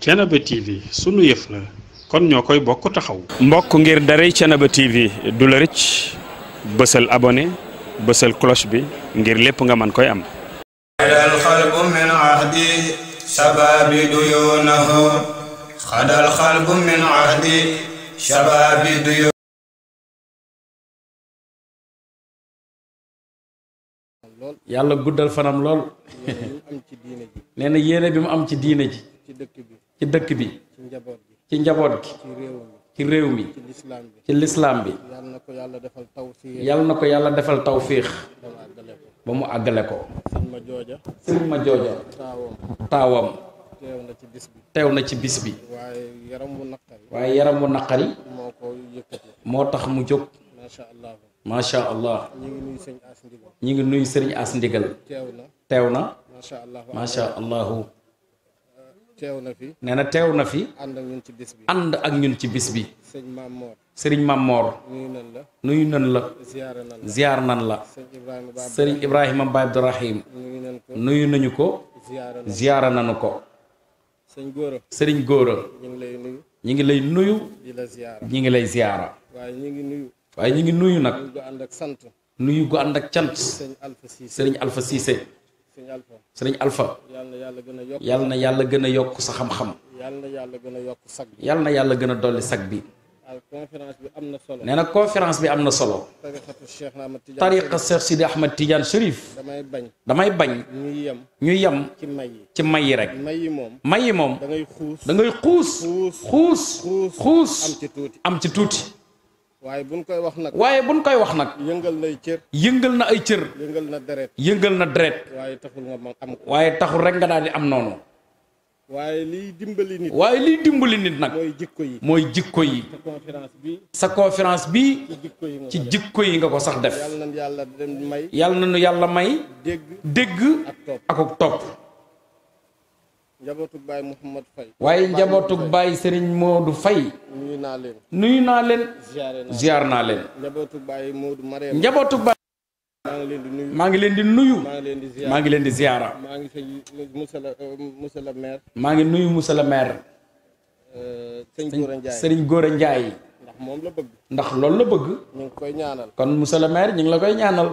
Thiénaba TV sunu yëf la kon ñoo koy bokk taxaw. mbokk ngir daray Thiénaba TV du la rëcc bësal abonné bësal cloche bi ngir lépp nga mën koy am. xadal xalbu min ahdi shababi duyunahu xadal xalbu min ahdi shababi duyunahu yàlla guddal fanam lool nee na yéene bi mu am ci diine ci dëkk bi ci dëkk bi ci njaboot gi ci réew mi ci lislaam bi yal na ko yàlla defal tawfiix ba mu àggale ko sëñ ma jooja taawam teew na ci bis bi waaye yaram wu naqari moo tax mu jóg macha allah ñu ngi nuyu sëriñ as ndigal teew na macha allahu teew na fi nee na teew na fi. ànd ak ñun ci bis bi ànd ak ñun ci bis bi. sëñ Maam Moor sëriñ Maam Moor. nuyu nan la nuyu nan la. nan la sëriñ Ibrahima Ba Abdourahim nuyu nañu ko. ziara nañu ko. sëñ Góora sëriñ Góora. ñu ngi lay nuyu. ñu ngi lay nuyu. la ziara ñu ngi lay ziara. waaye ñu ngi nuyu. ñu ngi nuyu nag. nuyu gu ànd ak sant. nuyu gu ànd cant. sëriñ Alpha sëriñ Alpha Cissé. sëriñ Alpha yal na yàlla gën a yokk sa xam-xam yal na yàlla gën a yokk sag bi yal na yàlla gën a dolli sag bi nee na conférence bi am na solo tariqa Cheikh Sidi Ahmed Tidiane Chérif damay bañ damay bañ ñu yem ci may yi ci may yi rek may yi moom da ngay xuus xuus xuus xuus am ci tuuti am ci tuuti waaye buñ koy wax nag. waaye buñ koy wax nag. yëngal na ay cër. yëngal na ay cër. yëngal na deret. yëngal na deret. waaye taxul nga am ko. waaye taxul rek nga daal di am noonu. waaye liy dimbali nit. waaye liy dimbali nit nag. mooy jikko yi mooy jikko yi. sa conférence bi. sa conférence bi ci jikko yi nga ko sax def. yàlla na yàlla may. yàlla na yàlla may. dégg dégg. ak topp. njabootug baay Mouhamad Faye waaye njabootug baay Serigne Modou fay nuyu naa leen nuyu naa leen ziar naa leen njabootug baay Modou Mariam njabootug baay maa ngi leen di nuyu maa ngi leen di ziara maa ngi sëñ monsieur le maire maa ngi nuyu monsieur le maire euh, sëñ Gora Ndiaye sëriñ Gora Ndiaye ndax moom la bëgg ndax loolu la bëgg. ñu ngi koy ñaanal. kon monsieur le maire ñu ngi la koy ñaanal.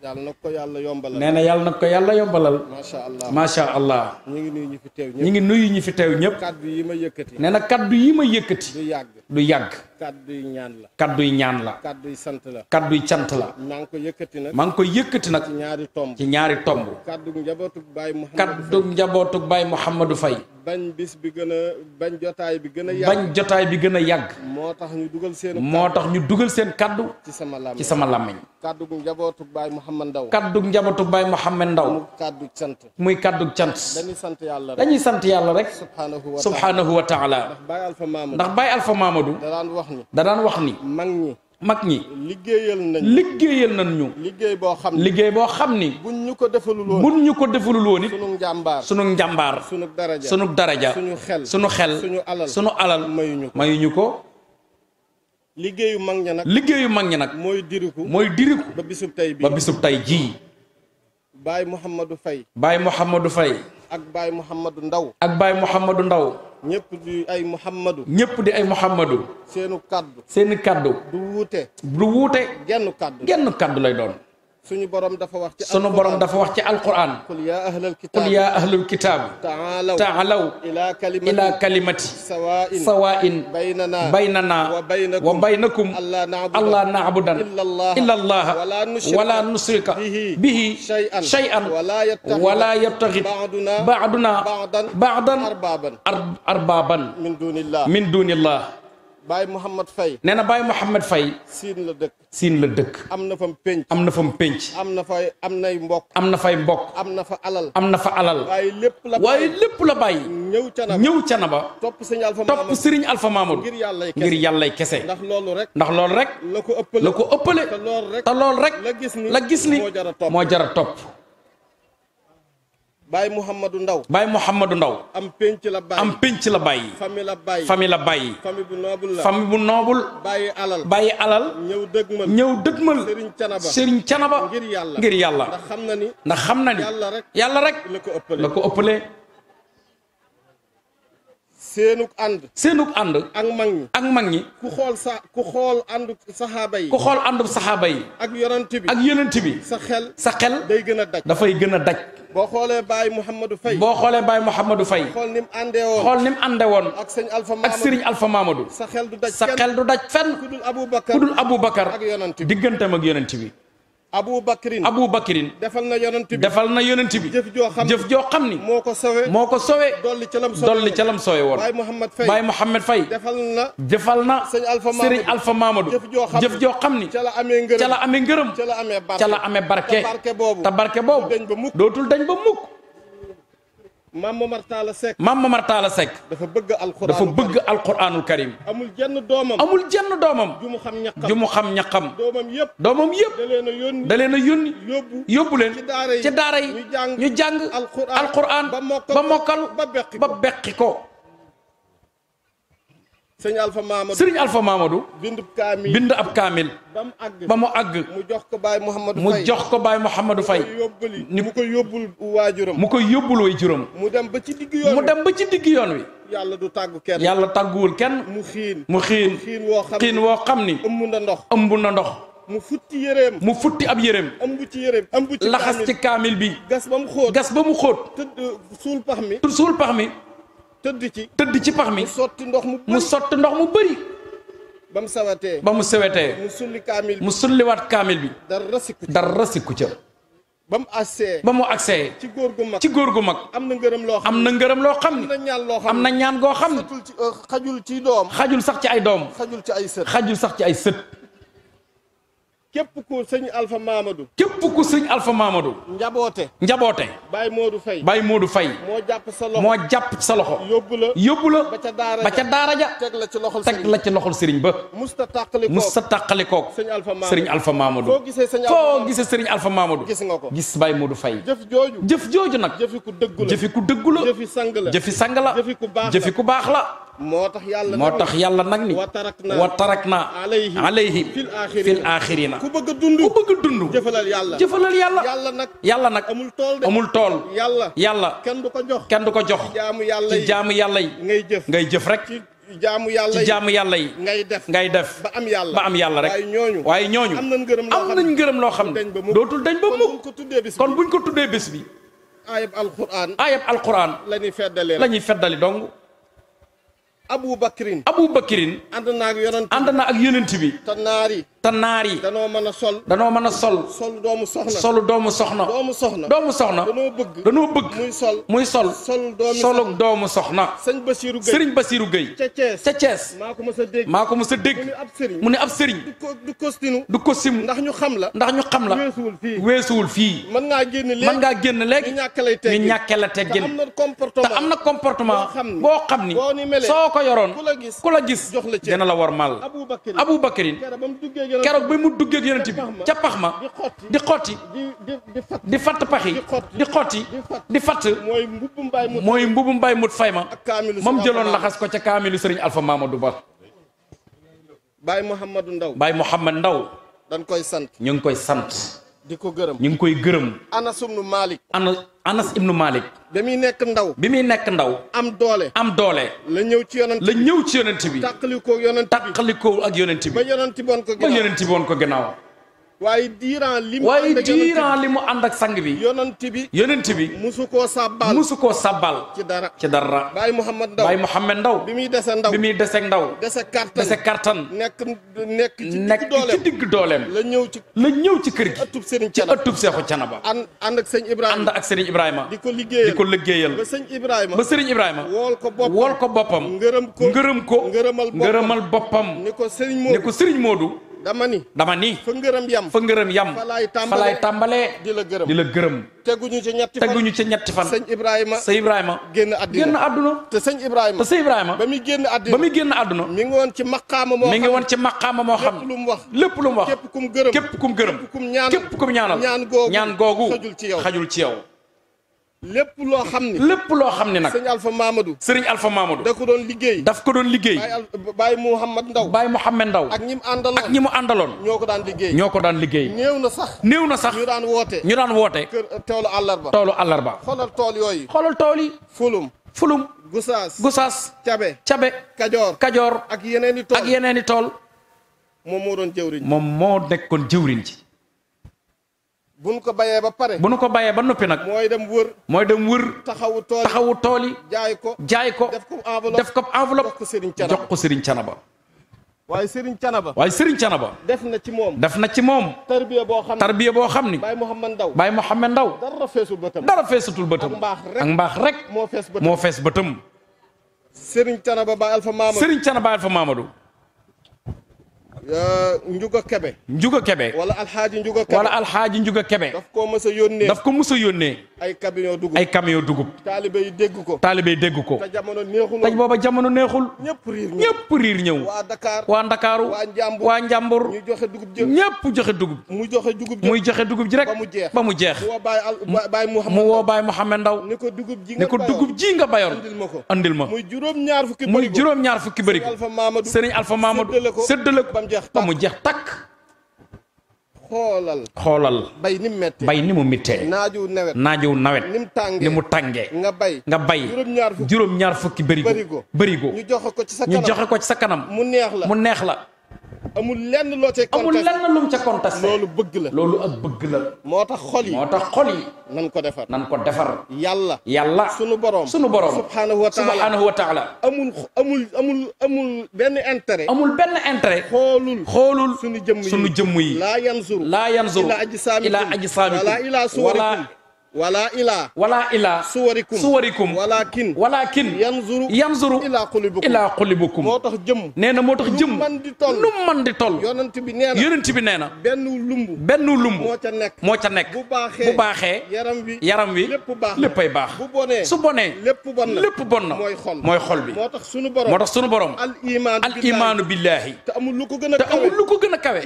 yàlla na ko yàlla yombalal. nee na yàlla na ko yàlla yombalal. macha allah macha allah. ñu ngi nuyu ñi fi teew ñëpp ñu ngi nuyu ñi fi teew ñëpp. kaddu ma yëkkati. nee na kaddu yi ma yëkkati. du yàgg du yàgg. kaddu ñaan la. kaddu yi ñaan la. kaddu yi sant la. kaddu yi cant la. maa ngi ko yëkkati nag. maa ngi ko yëkkati nag. ci ñaari tomb ci ñaari tomb. kaddu njabootug Baye Mouhamadou Faye. kaddu njabootug Baye Mouhamadou Faye. bañ bis bi gën a bañ jotaay bi gën a yàgg. bañ bi gën a yàgg. moo tax ñu dugal seen kaddu. ci sama làmmiñ ci sama làmmiñ. kaddu gu njabootu Baye Mouhamed Ndaw. kaddu gu njabootu Baye Mouhamed Ndaw. muy kaddu cant. muy kaddu cant. dañuy sant yàlla rek dañuy sant yàlla rek. subhanahu wa taala ndax Baye Alpha Mamadou. ndax Baye Alpha Mamadou. da daan wax ni. da daan wax ni. mag ñi. mag ñi liggéeyal nañ liggéeyal nañ ñu liggéey boo xam ni liggéey boo xam ni buñ ñu ko defalul woon ñu ko defalul woon it sunu njàmbaar sunu njàmbaar sunu daraja sunu daraja sunu xel sunu xel sunu alal sunu alal mayuñu ko liggéeyu mag ña nag liggéeyu mag ña nag. mooy diriku mooy diriku. ba bisub tey bii ba bisub tey jii. baay Mouhamadou Faye. Baye Mouhamadou Faye. ak Baye Mouhamadou Ndaw. ak Baye Mouhamadou Ndaw. ñëpp di ay Mouhamadou. ñëpp di ay Mouhamadou. seenu kaddu. seeni kàddu du wuute. du wuute. genn kàddu genn kàddu lay doon. suñu borom dafa wax ci suñu borom dafa wax ci alquran qul yaa ahlal kitaab qul yaa ahlal kitaab taalaw taalaw ilaa kalimati ilaa kalimati sawaa'in sawaa'in baynanaa baynanaa wa baynakum allaa na'budan illa allah wala nusrika bihi shay'an wala yabtaxi ba'dunaa ba'dan arbaaban min duunillah Baye Mouhamad Faye nee na Baye Mouhamad Faye siin la dëkk siin la dëkk am na fam pénc am na fam pénc am na fa am nay mbokk am na fay mbokk am na fa alal am na fa alal waaye lépp la lépp la bàyyi ñëw canaba ñëw canaba topp sëriñ Alpha topp sëriñ Alpha Mamadou ngir yàllay kese ngir yàllay kese ndax loolu rek ndax loolu rek la ko ëppale la ko ëppale te loolu rek loolu rek la gis ni la gis ni moo jar a topp Baye Mouhamadou Ndaw Baye Mouhamadou Ndaw am pénc la bàyyi am pénc la bàyyi famille la bàyyi famille la bàyyi famille bu noobul la famille bu noobul bàyyi alal bàyyi alal ñëw dëgmal ñëw dëgmal Serigne Canaba Serigne Canaba ngir yàlla ngir yàlla ndax xam na ni ndax xam na ni yàlla rek yàlla rek la ko ëpp la ko ëppale seenug ànd seenug ànd ak mag ñi ak mag ñi ku xool sa ku xool àndu saxaaba yi ku xool àndu saxaaba yi ak yonent bi ak yonent bi sa xel sa xel day gën a daj dafay gën a daj boo xoolee Baye Mouhamadou Faye boo xoolee Baye Mouhamadou Faye xool ni mu àndee woon xool ni mu àndee woon ak sëñ Alpha Mamadou ak sëriñ Alpha Mamadou sa xel du daj sa du daj fenn ku dul Aboubacar ku ak yonent bi digganteem ak yonent bi Abu Bakrin Abu Bakrin. defal na yonent bi defal na yonent bi. jëf joo xam jëf joo xam ni. moo ko sowe moo ko sowe. dolli ca lam sowe woon dolli ca lam sowe woon. Baye Mouhamed Faye defal na defal na. sëñ Alpha Mamadou sëriñ Alpha Mamadou. jëf joo xam jëf joo xam ni. ca la amee ngërëm ca la amee ngërëm. ca la amee barke ca la amee barke. barke boobu te barke boobu. dootul dañ ba mukk. maam Momar Talla Seck maam Momar Talla Seck dafa bëgg alquran dafa bëgg alquranul karim amul jenn doomam amul jenn doomam ju mu xam ñaqam ju mu xam ñaqam doomam yëpp doomam yëpp da leen a yónni a yónni yóbbu yóbbu leen ci daara yi ñu jàng alquran ba mokkal ba beqi ko sëñ Alpha Mamadou sëñ Alpha Mamadou. bind kaamil bind ab kaamil. ba mu àgg mu jox ko Baye Mouhamadou Faye mu jox ko Baye Mouhamadou Faye. ni mu ko yóbbul waajuram mu koy yóbbul waajuram. mu dem ba ci digg yoon wi mu dem ba ci digg yoon wi. yàlla du tàggu kenn yàlla tàgguwul kenn. mu xiin mu xiin xiin woo xam ni ëmb na ndox ëmb na ndox. mu futti yëreem mu futti ab yëreem. ëmb ci yëreem ëmb ci kaamil laxas ci kaamil bi. gas ba mu xóot gas ba mu xóot. suul pax mi suul pax mi. tëdd ci tëdd ci pax mi. mu sotti ndox mu bëri mu ndox mu bëri. ba mu sawatee ba mu sawatee. mu kaamil mu sulliwaat kaamil bi. dara sikku ca ca. ba mu agsee ba mu agsee ci góor gu mag ci góor gu mag. am na ngërëm loo xam am na ngërëm loo xam. am na ñaan loo xam am na ñaan goo xam. Euh, xajul ci doom xajul sax ci ay doom. xajul ci ay sët xajul sax ci ay sët. képp ku sëñ Alpha Mamadou. képp ku sëñ Alpha Mamadou. njaboote. njaboote. Baye Modou Faye. Baye Modou Faye. moo jàpp sa loxo moo jàpp sa loxo. yóbbu la yóbbu la. ba ca daara ja ba ca daara ja. teg la ci loxol sëriñ teg la ci loxol sëriñ ba. musta tàqali kook musta tàqali kook. sëñ Alpha Mamadou sëriñ Alpha Mamadou. foo gisee sëñ Alpha Mamadou foo gisee sëriñ Alpha Mamadou. gis nga ko gis Baye Modou Faye. jëf jooju jëf jooju nag. jëfi ku dëggu la jëfi ku dëggu la. jëfi sang la jëfi sang la. ku baax la jëfi ku baax moo tax yàlla nag ni wa tarak naa alayhi fil axirina ku bëgg dund ku bëgg a dund. jëfalal yàlla jëfalal yàlla. yàlla nag yàlla nag amul tool tool. yàlla yàlla kenn du ko jox kenn du ko jox. jaamu yàlla yi ci jaamu yàlla yi. ngay jëf ngay jëf rek. jaamu yàlla yi jaamu yàlla yi. ngay def ngay def ba am yàlla ba am yàlla rek. waaye ñooñu waaye ñooñu am nañ ngërëm loo xam ne am loo xam ne dootul dañ ba mukk kon buñ ko tuddee bés bi. ayab alquran ayab alquran. la ñuy feddali la ñuy feddali dong. Abu Bakrin Abu Bakrin. ànd na ak yonent bi te naar yi. danoo mën a sol. danoo mën a sol. solu doomu soxna. solu doomu soxna. doomu soxna. doomu soxna. danoo bëgg. danoo bëgg. muy sol. muy sol. solu doomu soxna doomu soxna. sëñ Basirou Gueye sëriñ Basirou Gueye. ca Thiès ca Thiès. maa ko mës a dégg. a dégg. mu ne ab sëriñ. du ko du costume. du costume. ndax ñu xam la. ndax ñu xam la. weesuwul fii weesuwul fii. mën ngaa génn léegi mën ngaa génn léegi. ñu ñàkk lay teggin ñu ñàkk la teggin. te am na comportement. boo xam ni soo ko yoroon ku la gis dina la war mal Abu Bakrin keroog bi mu duggee ak yonent bi ca pax ma di xotti di fatt pax yi di xotti di fatt mooy mbubu mbay mut fay ma moom jëloon laxas ko ca kaamilu sëriñ Alpha Mamadou Ba Baay Muhammadu Ndaw Baay Muhammad Ndaw dañ koy sant ñu ngi koy sant di ko gërëm ñu ngi koy gërëm. Anas ibnu Malik. Anas Anas ibnu Malik. bi muy nekk ndaw. bi muy nekk ndaw. am doole. am doole. la ñëw ci yonent bi la ñëw ci yonent bi. tàqalikoo ak yonent bi. tàqalikoo ak yonent bi. ba yonent boon ko ginnaaw ba yonent boon ko ginnaaw. waaye diiran li mu waaye diiran li mu ànd ak sang bi. yonent bi yonent bi. musu koo sàbbal musu koo sàbbal. ci dara ci dara. Baye Mouhamed Ndaw Baye Mouhamed Ndaw. bi muy dese ndaw bi muy dese ndaw. dese kartan dese kartan. nekk nekk ci digg dooleem nekk ci la ñëw ci la ñëw ci kër gi. ëttub Serigne Canaba ci ëttub Seexu Canaba. ànd ànd ak sëñ Ibrahima ànd ak Serigne Ibrahima. di ko liggéeyal di ko liggéeyal. ba sëñ Ibrahima ba Serigne Ibrahima. wool ko boppam wool ko boppam. ngërëm ko ngërëm ko ngërëmal boppam. ni ko Serigne Modou dama ni dama ni fa ngërëm yam fa ngërëm yam fa laay tàmbalee di la gërëm di la gërëm teguñu ci ñetti fan teguñu ci ñetti fan sëñ Ibrahima sëñ Ibrahima génn àdduna génn àdduna te sëñ Ibrahima te sëñ Ibrahima ba muy génn àdduna ba muy génn àdduna mi ngi woon ci maqaama moo mi ngi woon ci maqaama moo xam lépp lu mu wax lépp lu mu wax képp kum gërëm képp kum gërëm képp kum ñaan képp ñaan googu xajul ci yow xajul ci yow lépp loo xam ni lépp loo xam ni nag sëriñ Alpha Mamadou sëriñ Alpha Mamadou da ko doon liggéey daf ko doon liggéey Baye Mouhamad Ndaw Baye Mouhamad Ndaw ak ñi mu àndaloon ak ñi mu àndaloon ñoo ko daan liggéey ñoo ko daan liggéey néew na sax néew na sax ñu daan woote ñu daan woote kër uh, toolu àllarba toolu àllarba xoolal tool yooyu xoolal tool yi fulum fulum gusaas gusaas cabe cabe kajoor kajoor ak yeneen i tool yeneen i tool moom moo doon jëwriñ moom moo nekkoon jëwriñ ci bu nu ko bayee ba pare. bu nu ko bayee ba noppi nag. mooy dem wër. mooy dem wër. taxawu tool yi taxawu tool yi. jaay ko jaay ko. def ko enveloppe def ko jox ko Serigne Canaba jox ko Serigne Canaba. waaye Serigne Canaba. waaye Serigne Canaba. def na ci moom. def na ci moom. tarbiya boo xam ne tarbiya boo xam ni. Baye Mouhamed Ndaw Baye Mouhamed Ndaw. dara feesul bëtam dara feesutul bëtam. ak mbaax rek ak mbaax rek. moo fees bëtam moo fees bëtam. Serigne Canaba Baye Alpha Mamadou. Serigne Canaba Alpha Mamadou. Euh, Njuga Kebe. Njuga Kebe. wala Alxaaji Njuga Kebe. wala Alxaaji Njuga Kebe. daf ko mës a yónnee. daf ko mës a yónnee. ay camion dugub ay camion dugub. taalibe yi dégg ko. taalibe yi dégg ko. te jamono neexul te booba jamono neexul. ñëpp riir ñëw ñëpp riir ñëw. waa Dakar waa Ndakaaru. waa Njàmbur waa Njàmbur. ñu joxe dugub ji ñëpp joxe dugub. mu joxe dugub ji muy joxe dugub ji rek. ba mu jeex ba mu jeex. mu woo Al Baye Mouhamed Ndaw mu woo Baye Mouhamed Ndaw. ni ko dugub ji nga bayoon ni ko dugub ji nga bayoon. andil ma ko andil ma. muy juróom-ñaar fukki bërigo muy juróom-ñaar fukki bërigo. Serigne Alpha Mamadou séddale ko ba mu jeex takk xoolal xoolal bay ni mu méttee bay ni mu méttee naaju nawet naaju nawet ni tàngee mu tàngee nga bay nga bay juróom-ñaar fukki bërigo bërigo ñu joxe ko ci sa kanam mu neex la mu neex la amul lenn loo cay. amul lenn lu mu ca contesté loolu bëgg la. loolu ak bëgg la. moo tax xol yi moo tax xol yi. nan ko defar nan ko defar. yàlla yàlla. sunu borom sunu borom. subhaanahu wa taala subhaanahu wa taala. amul amul amul amul benn intérêt. amul benn intérêt. xoolul xoolul. sunu jëmm yi sunu jëmm yi. laa yanzuru laa yanzuru. ila ajsaamikum wala ila suwarikum wala ila wala ila suwarikum suwarikum walakin walakin yanzuru yanzuru ila qulubikum ila qulubikum moo tax jëmm nee na moo tax jëmm lu man di toll lu man di toll yonent bi nee na yonent nee na benn lumb benn lumb moo ca nekk moo ca nekk bu baaxee bu baaxee yaram wi yaram wi lépp baax léppay baax bu bonee su bonee lépp bon na lépp bon na mooy xol mooy xol moo tax sunu borom moo tax sunu borom al iman imaanu billahi te amul lu ko gën a te amul lu ko gën a kawe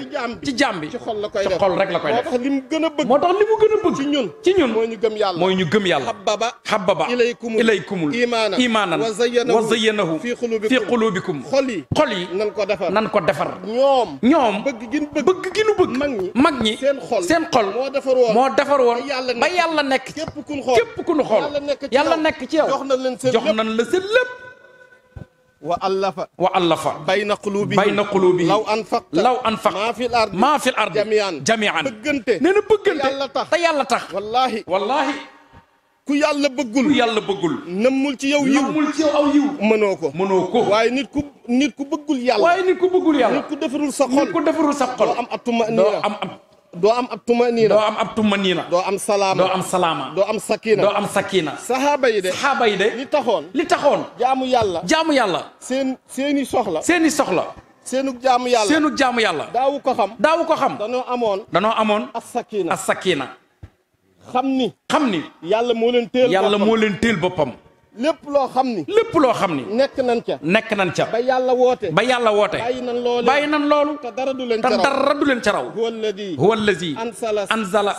ci jaam bi ci xol la koy def rek la koy def moo tax li mu bëgg ci ñun ci ñun ñu gëm yàlla mooy ñu gëm yàlla xababa xababa ilaykumul ilaykumul imaanan imaanan wa zayyanahu fi qulubikum xol yi xol yi nan ko defar nan ko defar ñoom ñoom bëgg gi nu bëgg bëgg gi nu bëgg mag ñi mag ñi seen xol seen xol moo defar woon moo defar woon ba yàlla nekk képp ku nu xool képp ku nu xool yàlla nekk ci yow jox nañ la seen lépp wa allafa wa allafa bayna qulubi bayna qulubi law anfaq law anfaq maa fil ardi maa fil ardi jamian jamian bëggante nee na bëggante yàlla tax te yàlla tax wallaahi wallaahi ku yàlla bëggul ku yàlla bëggul nammul ci yow yiw nammul ci yow aw yiw mënoo ko mënoo ko waaye nit ku nit ku bëggul yàlla waaye nit ku bëggul yàlla nit ku defarul sa xol nit ku defarul sa xol doo am atuma doo am am doo am ab tuma nii doo am ab tuma na doo am salaama doo am salaama doo am sakina am sakina sahaaba yi de sahaaba yi de li taxoon li taxoon jaamu yàlla jaamu yàlla seen seeni soxla seeni soxla seenug jaamu yàlla seenug jaamu yàlla daawu ko xam daawu ko xam danoo amoon danoo amoon as sakina as xam ni xam ni yàlla moo leen teel yàlla moo leen teel boppam lépp loo xam ni. lépp loo xam ni. nekk nan ca. nekk nan ca. ba yàlla woote. ba yàlla woote. bàyyi nan loolu. bàyyi nan loolu. te dara du leen ca raw te dara du leen ca raw. huwa allazi anzala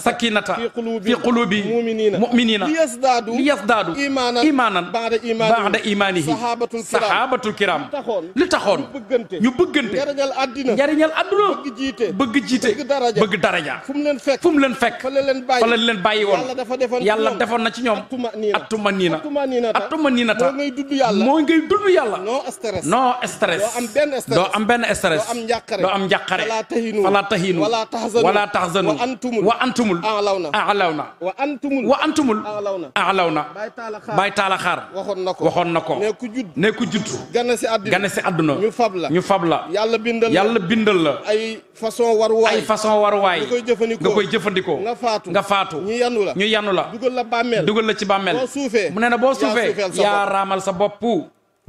sakinata fi qulubi muminina li yasdaadu imaanan baada imaanihi saxaabatul kiram li taxoon ñu bëggante njariñal àddina njariñal àdduna bëgg jiite bëgg jiite bëgg daraja fu mu leen fekk fu mu leen fekk fa la leen yàlla defoon na ci ñoom attuma niina attuma niinata attuma niinata moo ngay dudd yàlla moo ngay dudd yàlla. non stress non stress. doo am benn stress doo am benn stress. doo am njàqare doo am njàqare. falaa tahinu falaa tahinu. walaa taxzanu walaa taxzanu. wa antumul wa antumul. alawna alawna. wa antumul wa waxoon na ko waxoon na ko. ne ku judd ne si àdduna ñu fab la ñu fab la. yàlla bindal la yàlla façon waruwaay ay façon waruwaay. nga jëfandikoo nga koy jëfandikoo. nga faatu nga faatu. ñu yanu la ñu yanu la. dugal la bàmmeel dugal la ci bàmmeel. boo suufee mu ne na boo suufee. yaa raamal sa bopp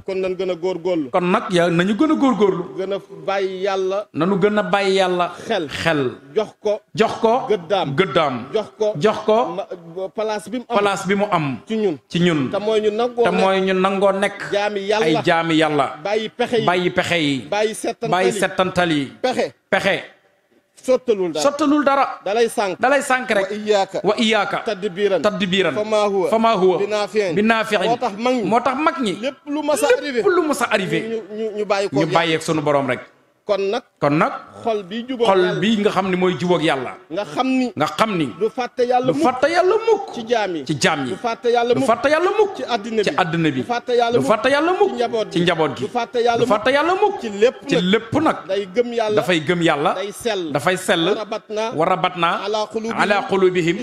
kon nan gën a góorgóorlu kon nag ya nañu gën a góorgóorlu gën a bàyyi yàlla nañu gën a bàyyi yàlla xel xel jox ko jox ko gëddaam gëddaam jox ko jox ko place bi mu am place bi mu am ci ñun ci ñun te mooy ñu nangoo te mooy nangoo nekk jaami yàlla ay jaami yàlla bàyyi pexe yi bàyyi pexe yi bàyyi settantal yi pexe pexe sottalul dara sottalul dara. dalay sànq dalay sànq rek. wa iyaaka wa iyaaka. tadbiiran tadbiiran. famaa huwa famaa huwa. bi naafiin bi naafiin. moo tax mag ñi moo tax mag ñi. lépp lu mas a arrivé lépp lu mas a arrivé. ñu ñu ñu bàyyi ko borom rek. kon nag kon nag xol bi jubóog xol bi nga xam ni mooy jubóog yàlla. nga xam ni nga xam ni. du fàtte yàlla mukk du yàlla ci jaam yi ci jaam yi. fàtte yàlla mukk fàtte yàlla mukk. ci àddina bi ci àddina bi. fàtte yàlla mukk du fàtte yàlla ci njaboot gi ci njaboot gi. du fàtte lépp nag ci lépp nag. day gëm yàlla dafay gëm yàlla. day sell dafay sell. warabat naa ala qulubihim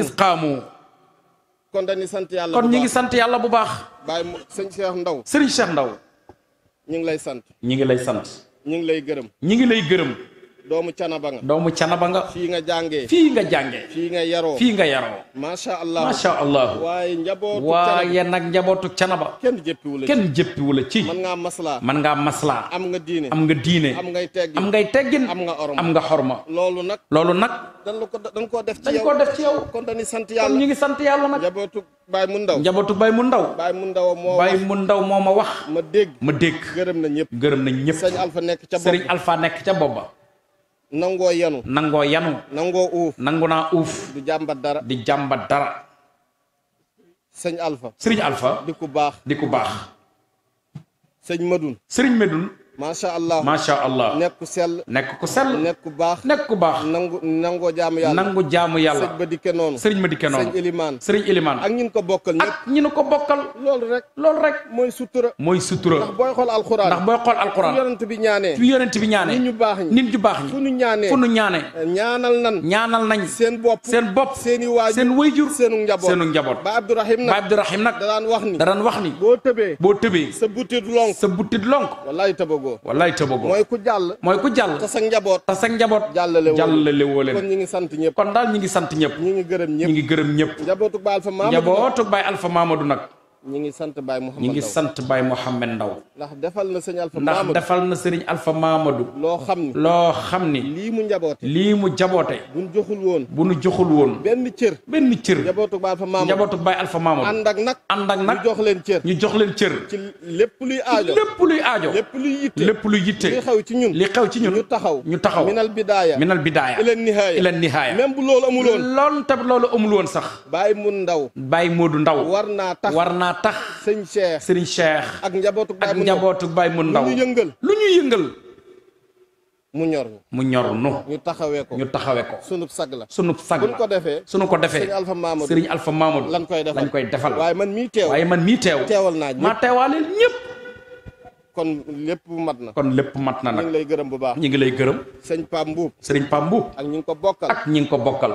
isqaamu kon dañuy sant yàlla kon ñu ngi sant yàlla bu baax. Baye sëñ Ndaw sëriñ Cheikh Ndaw ñu ngi lay sant ñu ngi lay sant ñu ngi lay gërëm. ñu ngi lay gërëm. doomu canaba nga doomu canaba nga fii nga jàngee fii nga jàngee fii nga yaroo fii nga yaroo macha allah macha allah waaye njabootu waaye nag njabootu canaba kenn jëppiwu la kenn ci man ngaa maslaa man maslaa am nga diine am nga diine am ngay teggin am ngay am nga orom am nga xorma loolu nag loolu nag dañ ko dañ koo def ci yow koo def ci yow kon sant yàlla ñu ngi sant yàlla nag njabootu Baay mu ndaw njabootu Baay mu ndaw mu ndaw moo Baay mu ndaw moo ma wax ma dégg ma dégg gërëm na ñëpp gërëm na ñëpp sëriñ Alpha nekk ca booba nangoo yanu nangoo yanu nangoo uuf nangu naa uuf du jàmbat dara di jàmbat dara sëñ Alpha sëriñ Alpha di ku baax di ku baax sëñ Madoun sëriñ Madoun macha allah macha allah nekk ku sell nekk ku sell nekk ku baax nekk ku baax nangu nangoo jaamu yàlla nangu jaamu yàlla sëñ ba dikke noonu sëriñ ma di dikke noonu sëñ ilimaan sëriñ ilimaan ak ñin ko bokkal ak ñi nu ko bokkal loolu rek loolu rek mooy sutura mooy sutura ndax booy xool alxuraan ndax booy xool alxuraan yonent bi ñaanee su yonent bi ñaanee ñu baax baax ñi fu nu fu eh, ñaanal nan ñaanal nañ seen bopp seen bopp seen i waajur seen wayjur seenu njaboot seenu njaboot ba abdourahim nag ba abdourahim nag da wax ni da wax ni boo tëbee boo tëbee sa butit lonk sa butit lonk Tobago. wallaay Tobago mooy ku jàll. mooy ku jàll. tas ak njaboot tas ak njaboot. jàllale woo jàllale woo leen kon ñu ngi sant ñëpp. kon daal ñu ngi sant ñëpp. ñu ngi gërëm ñëpp ñu ngi gërëm ñëpp. njabootu Baay Alpha Mamadou njabootu Baay Alpha Mamadou nag. ñi ngi sant Baye Mouhamed Ndaw ñi ngi sant Baye Mouhamed Ndaw. ndax defal na sëñ Alpha Mamadou ndax defal na sëriñ Alpha Mamadou. loo xam ni loo xam ni. lii mu njaboote lii mu jaboote. bu nu woon bu nu joxul woon. benn cër benn cër. njabootu Baye Alpha Mamadou njabootu Baye Alpha Mamadou. ànd ak nag ànd ak nag ñu jox leen cër. ñu jox leen cër. ci lépp luy aajo luy aajo. lépp luy lépp luy yitte. li xew ci ñun li xew ci ñun. ñu taxaw ñu taxaw. minal bidaaya minal bidaaya. ilan nihaaya ilan nihaaya. même bu loolu amul woon loolu tamit loolu amul woon sax. Baye mu ndaw Baye Modou Ndaw war tax naa tax. sëñ Cheikh sëriñ Cheikh. ak njabootu Baye mu ndaw ak njabootu Baye mu ndaw. lu ñu yëngal lu ñu yëngal. mu ñor ñu mu ñor ñu. ñu taxawee ko ñu taxawee ko. sunub sag la sunub sag la. buñ ko defee suñu ko defee. sëriñ Alpha Mamadou sëriñ Alpha Mamadou. lañ koy defal lañ koy defal. waaye man mii teew waaye man mii teew. teewal naa ñëpp maa teewaaleel ñëpp. kon lépp mat na. kon lépp mat na nag ñu ngi lay gërëm bu baax. ñu ngi lay gërëm. sëñ Pape Mboup. sëriñ Pape Mboup. ak ñi ngi ko bokkal ak ñi ngi ko bokkal.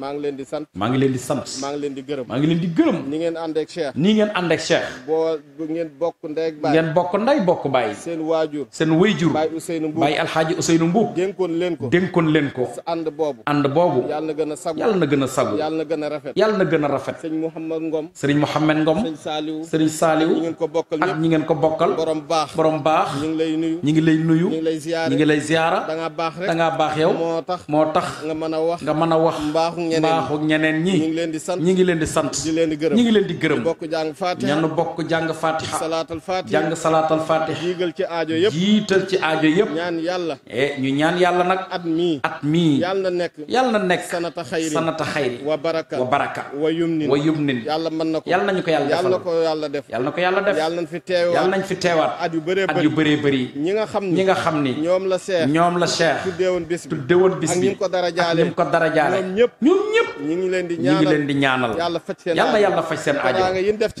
maa ngi leen di sant maa ngi leen di sant maa ngi leen di gërëm maa ngi leen di gërëm ni ngeen ànd ak Cheikh ni ngeen ànd ak Cheikh boo ngeen bokk ndey ak baay ngeen bokk ndey bokk baay seen waajur seen wayjur baay Ousseynou Mboub baay alxaaji Ousseynou Mboub dénkoon leen ko dénkoon leen ko ànd boobu ànd boobu yàlla na gën a sagu yàlla na gën a sagu yàlla na gën a rafet yàlla na gën a rafet sëñ Mouhamad Ngom sëriñ Mouhamad Ngom sëñ Saliou sëriñ Saliou ñi ngeen ko bokkal ak ñi ngeen ko bokkal borom baax borom baax ñi ngi lay nuyu ñi ngi lay nuyu lay ziyaara ñi ngi lay ziyaara da baax rek da baax yow moo tax moo tax nga mën a wax nga mën a wax mbaaxu ñeneen mbaaxu ñeneen ñi. ñu ngi leen di sant ñu ngi leen di sant. di leen di gërëm ñu ngi leen di gërëm. bokk jàng fatiha ñan bokk jàng fatiha. salaatal fatiha jàng salaatal fatiha. jiital ci aajo yëpp jiital ci aajo yëpp. ñaan yàlla. Eh, ñaan yàlla nag. at mii at mii. yàlla na nekk yàlla na nekk. sanata xayri sanata xayri. wa baraka wa baraka. wa yumnin wa yumnin. yàlla man na ko yàlla nañu ko yàlla defal na ko yàlla def. yàlla na ko yàlla def yàlla nañ fi teewaat yàlla at yu bëree bëri at yu bëree bëri. ñi nga xam ni ñi nga xam ni. ñoom la seex ñoom la seex. tuddeewoon bis bi tuddeewoon bis bi ak ñi ko dara jaale ñoom ñëpp ñu ngi leen di ñaanal ñu ngi leen di ñaanal yàlla faj seen yàlla yàlla faj seen aajo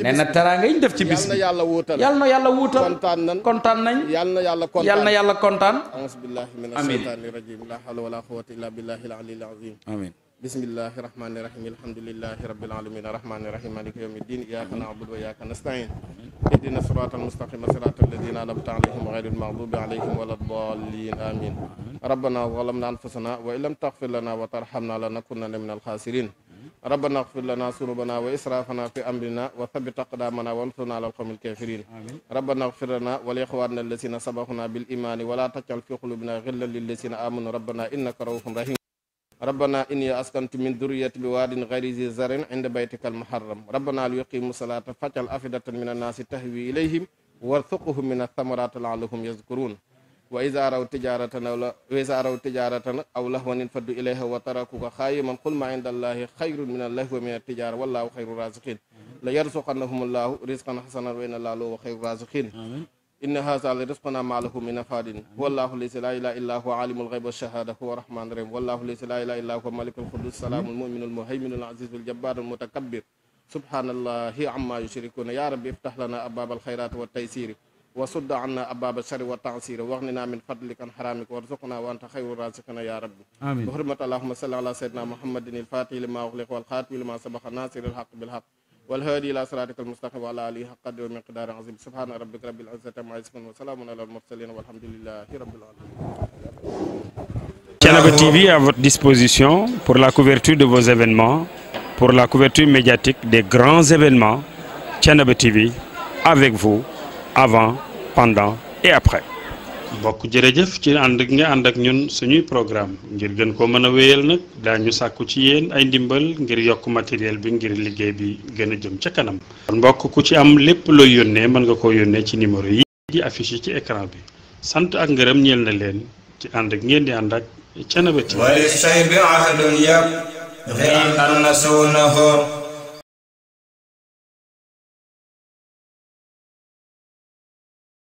nee teraanga yi ñu def ci bis bi yàlla wuutal yàlla na yàlla wuutal kontaan nañ kontaan nañ yàlla na yàlla kontaan yàlla na yàlla kontaan a'uuzu billahi mina shaytaani rajim la hawla wala quwwata illa billahi al aliyyil azim amin bismillahi rahmaani rahim alhamdulillahi rabbil alamin arrahmaani rahim maliki yawmi din iyyaka na'budu wa iyyaka nasta'in ihdina siratal mustaqima siratal ladina an'amta alayhim ghayril maghdubi alayhim waladdallin amin rabbana zalamna anfusana wa illam taghfir lana wa tarhamna lanakunanna minal khasirin rabbana ighfir lana sunubana wa israfana fi amrina wa thabbit aqdamana wansurna alal qawmil kafirin rabbana ighfir lana wa li ikhwanina alladhina sabaquna bil imani wa la taj'al fi qulubina ghillan lil ladzina amanu rabbana innaka ra'ufun rahim rabbana inni askantu min durriyati bi waadin gayri zi zarin inda baytika almuharram rabbana li yuqimu salaata fajal afidatan min annaasi tahwi ilayhim warzuqhum min athamarati laalahum yazkurun wa iza raw tijaratan aw la wa iza raw tijaratan aw lahwan faddu ilayha wa tarakuka xaayiman qul ma inda allahi xayrun min allahwi wa min attijara wallahu xayru raziqin la yarzuqannahum allahu rizqan hasanan wa inna allaha huwa xayru raziqin inna haza la rizquna ma lahu min nafadin wallahu laysa la ilaha illa huwa alimul ghaybi wash-shahada huwa rahmanur rahim wallahu laysa la ilaha illa huwa malikul qudus salamul mu'minul muhayminul azizul jabbarul mutakabbir subhanallahi amma yushrikuna ya rabbi iftah lana ababal khairati wat taysiri wa sudd anna ababa shari wa tansiri waxnina min fadlik an haramik warzuqna wa anta khayru raziqina ya rabbi amin bi hurmati allahumma salli ala sayyidina muhammadin al-fatihi lima ughliqa wal khatimi lima sabaqa nasiril haqq bil haqq والهادي إلى صراطك المستقيم وعلى آله حق قدره ومقداره عظيم سبحان ربك رب العزة عما يصفون وسلام على المرسلين والحمد لله رب disposition pour la couverture de vos événements, pour la couverture médiatique des grands événements. Thiénaba TV avec vous, avant, pendant et après. mbokk jërëjëf ci ànd ak nga ànd ak ñun suñuy programme ngir gën ko mën a wéyal nag daañu sàkku ci yéen ay ndimbal ngir yokk matériel bi ngir liggéey bi gën a jëm ca kanam kon mbokk ku ci am lépp looy yónnee mën nga ko yónnee ci numéro yi di affiché ci écran bi sant ak ngërëm ñeel na leen ci ànd ak ngeen di ànd ak Thiénaba TV